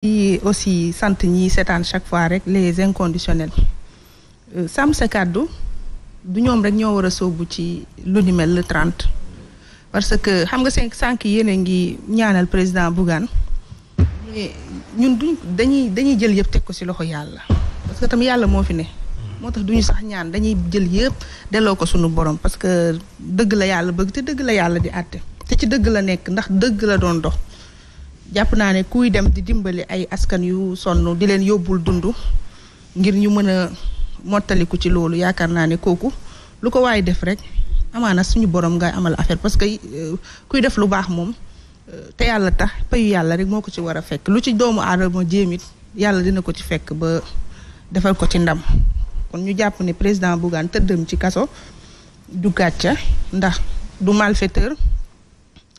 di aussi sant ñi seetaan chaque fois rek les inconditionnels euh, sàmm sa kàddu du ñoom rek ñoo war a sóobu ci lu ni mel le 30 parce que xam nga sànq sànq yéen ngi ñaanal président Bougane mais ñun duñ dañuy dañuy jël yëpp teg ko ci loxo yàlla parce que tam yàlla moo fi ne. moo tax duñu sax ñaan dañuy jël yëpp delloo ko sunu borom parce que dëgg la yàlla bëgg te dëgg la yàlla di àtte te ci dëgg la nekk ndax dëgg la doon dox. jàpp naa ne kuy dem di dimbali ay askan yu sonn di leen yóbbul dund ngir ñu mën a mottaliku ci loolu yaakaar naa ne kooku lu ko waaye def rek amaana suñu borom ngay amal affaire parce que euh, kuy def lu baax moom euh, te yàlla tax payu yàlla rek moo ko ci war a fekk lu ci doomu aadama jéemit yàlla dina ko ci fekk ba defal ko ci ndam kon ñu jàpp ne président Bougane tëddam ci kaso du gàcca ndax du malfaiteur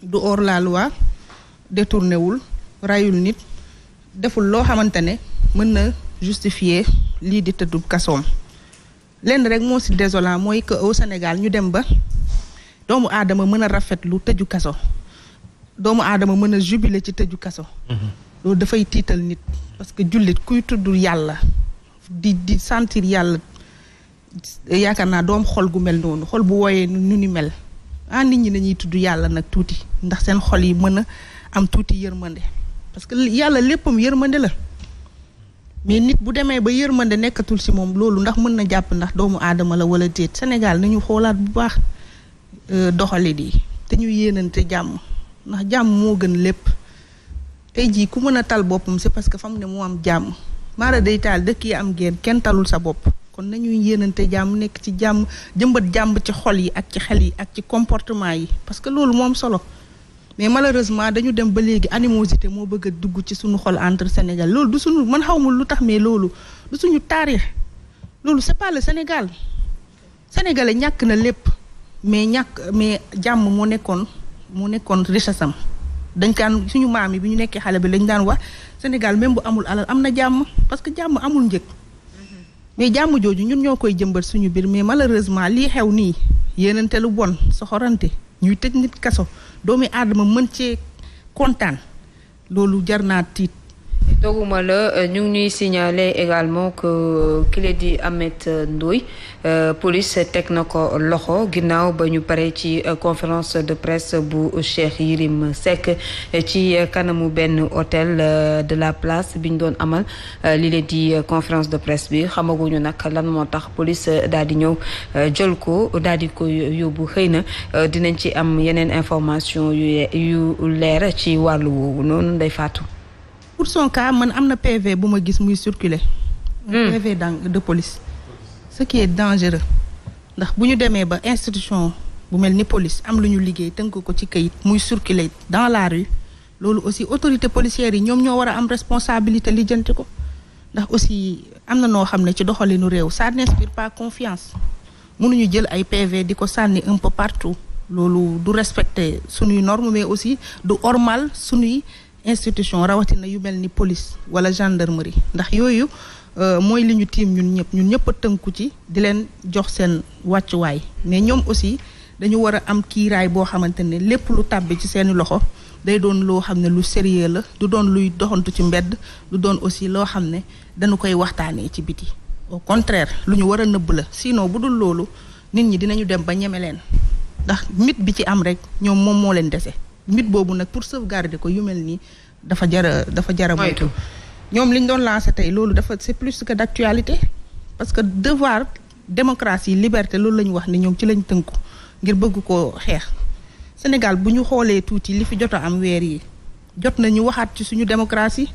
du hors la loi détourné wul rayul nit deful loo xamante ne mën na justifie lii di tëddu kasoom lenn rek moo si désolant mooy que aw Sénégal ñu dem ba doomu aadama mën a rafetlu tëju kaso doomu aadama mën a jubile ci tëju kaso mhm. loolu dafay tiital nit parce que jullit kuy tudd yàlla di di sentir yàlla yaakaar naa doom xol gu mel noonu xol bu wooyee nu ni mel ah nit ñi dañuy tudd yàlla nag tuuti ndax seen xol yi mën a am tuuti yërmande parce que yàlla léppam yërmande la mais nit bu demee ba yërmande nekkatul si moom loolu ndax mën na jàpp ndax doomu aadama la wala déet Sénégal nañu xoolaat bu baax euh, doxalit yi te ñu yéenante jàmm ndax jàmm moo gën lépp tey jii ku mën a tal boppam c'est parce que fam ne moo am jàmm maara day taal dëkk yi am génn kenn talul sa bopp kon nañuy yéenante jàmm nekk ci jàmm jëmbat jàmb ci xol yi ak ci xel yi ak ci comportement yi parce que loolu moom solo mais malheureusement dañu dem ba léegi animosité moo bëgg a dugg ci suñu xol entre Sénégal loolu du suñu man xaw ma lu tax mais loolu du suñu taarix loolu c'est pas le Sénégal sénégalais ñàkk na lépp mais ñàkk mais jàmm moo nekkoon moo nekkoon richesse am dañ kaan suñu maam yi bu ñu nekkee xale bi lañ daan wax Sénégal même bu amul alal am na jàmm parce que jàmm amul njëg mais jàmm jooju ñun ñoo koy jëmbat suñu mbir mais malheureusement lii xew nii yéenante lu bon soxorante ñuy tëj nit kaso doomi aadama mën cee kontaan loolu jar naa tiit doguma la euh, ñu ñuy signale également que euh, kile di Ameth Ndoye euh, police teg na ko loxo ginnaaw ba ñu paree ci conférence de presse bu Cheikh Yirim Seck ci kanamu benn hôtel de la place bi ñu doon amal li leen di conférence de presse bi xamaguñu nag lan moo tax police daal di ñëw jol ko daal di ko yóbbu xëy na dinañ ci am yeneen information yu yu leer ci wàll woowu noonu day faatu pour son cas man am na PV bu ma gis muy circuler hmm. un PV de police ce qui est dangereux ndax bu ñu demee ba institution bu mel ni police am lu ñu liggéey tënk ko ci kayit muy circuler dans la rue loolu aussi autorité policière yi ñoom ñoo war a am responsabilité lijjanti ko ndax aussi am na noo xam ne ci doxalinu réew ça n'inspire pas confiance mënuñu jël ay PV di ko sànni un peu partout loolu du respecter sunuy normes mais aussi du normal sunuy institution rawatina yu mel ni police wala gendarmerie ndax yooyu euh, mooy li ñu tiim ñun ñëpp ñun ñëpp tënku ci di leen jox seen wàccuwaay mais ñoom aussi dañu war a am kiiraay boo xamante ne lépp lu tàbbi ci seeni loxo day doon loo xam ne lu sérieux la du doon luy doxantu ci mbedd lu doon aussi loo xam ne dañu koy waxtaanee ci biti au contraire lu ñu war a nëbb la sinon bu dul loolu nit ñi dinañu dem ba ñeme leen ndax mit bi ci am rek ñoom moom moo leen dese mbir boobu nag pour sauvegarder ko yu mel nii dafa jara dafa jara moytu ñoom li doon lancé tey loolu dafa c'est plus que d'actualité parce que devoir démocratie liberté loolu la ñu wax ni ñoom ci lañ tënku ngir bëgg koo xeex Sénégal bu ñu xoolee tuuti li fi jot a am weer yi jot nañu waxaat ci suñu démocratie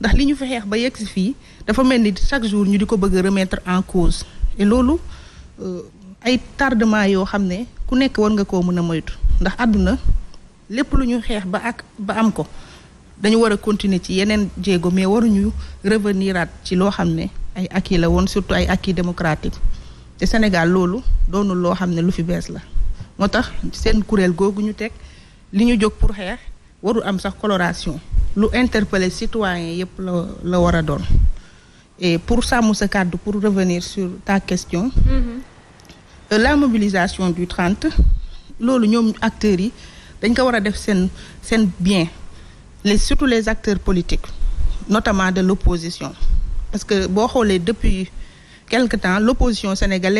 ndax li ñu fi xeex ba yegg si fii dafa mel ni chaque jour ñu di ko bëgg a en cause et loolu euh, ay tardement yoo xam ne ku nekk war nga koo mën a moytu ndax àdduna lépp lu ñuy xeex ba ak ba am ko dañu war a continuer ci yeneen jéego mais waruñu reveniraat ci loo xam ne ay acquis la woon surtout ay acquis démocratique te Sénégal loolu doonul loo xam ne lu fi bees la moo tax seen kuréel googu ñu teg li ñu jóg pour xeex warul am sax coloration lu interpeller citoyen yépp la la war a doon et pour sàmm sa kàddu pour revenir sur ta question mm-hmm. euh, la mobilisation du 30 loolu ñoom acteurs yi dañ ko war a def seen seen bien les surtout les acteurs politiques notamment de l'opposition parce que boo xoolee depuis quelque temps l'opposition sénégalaise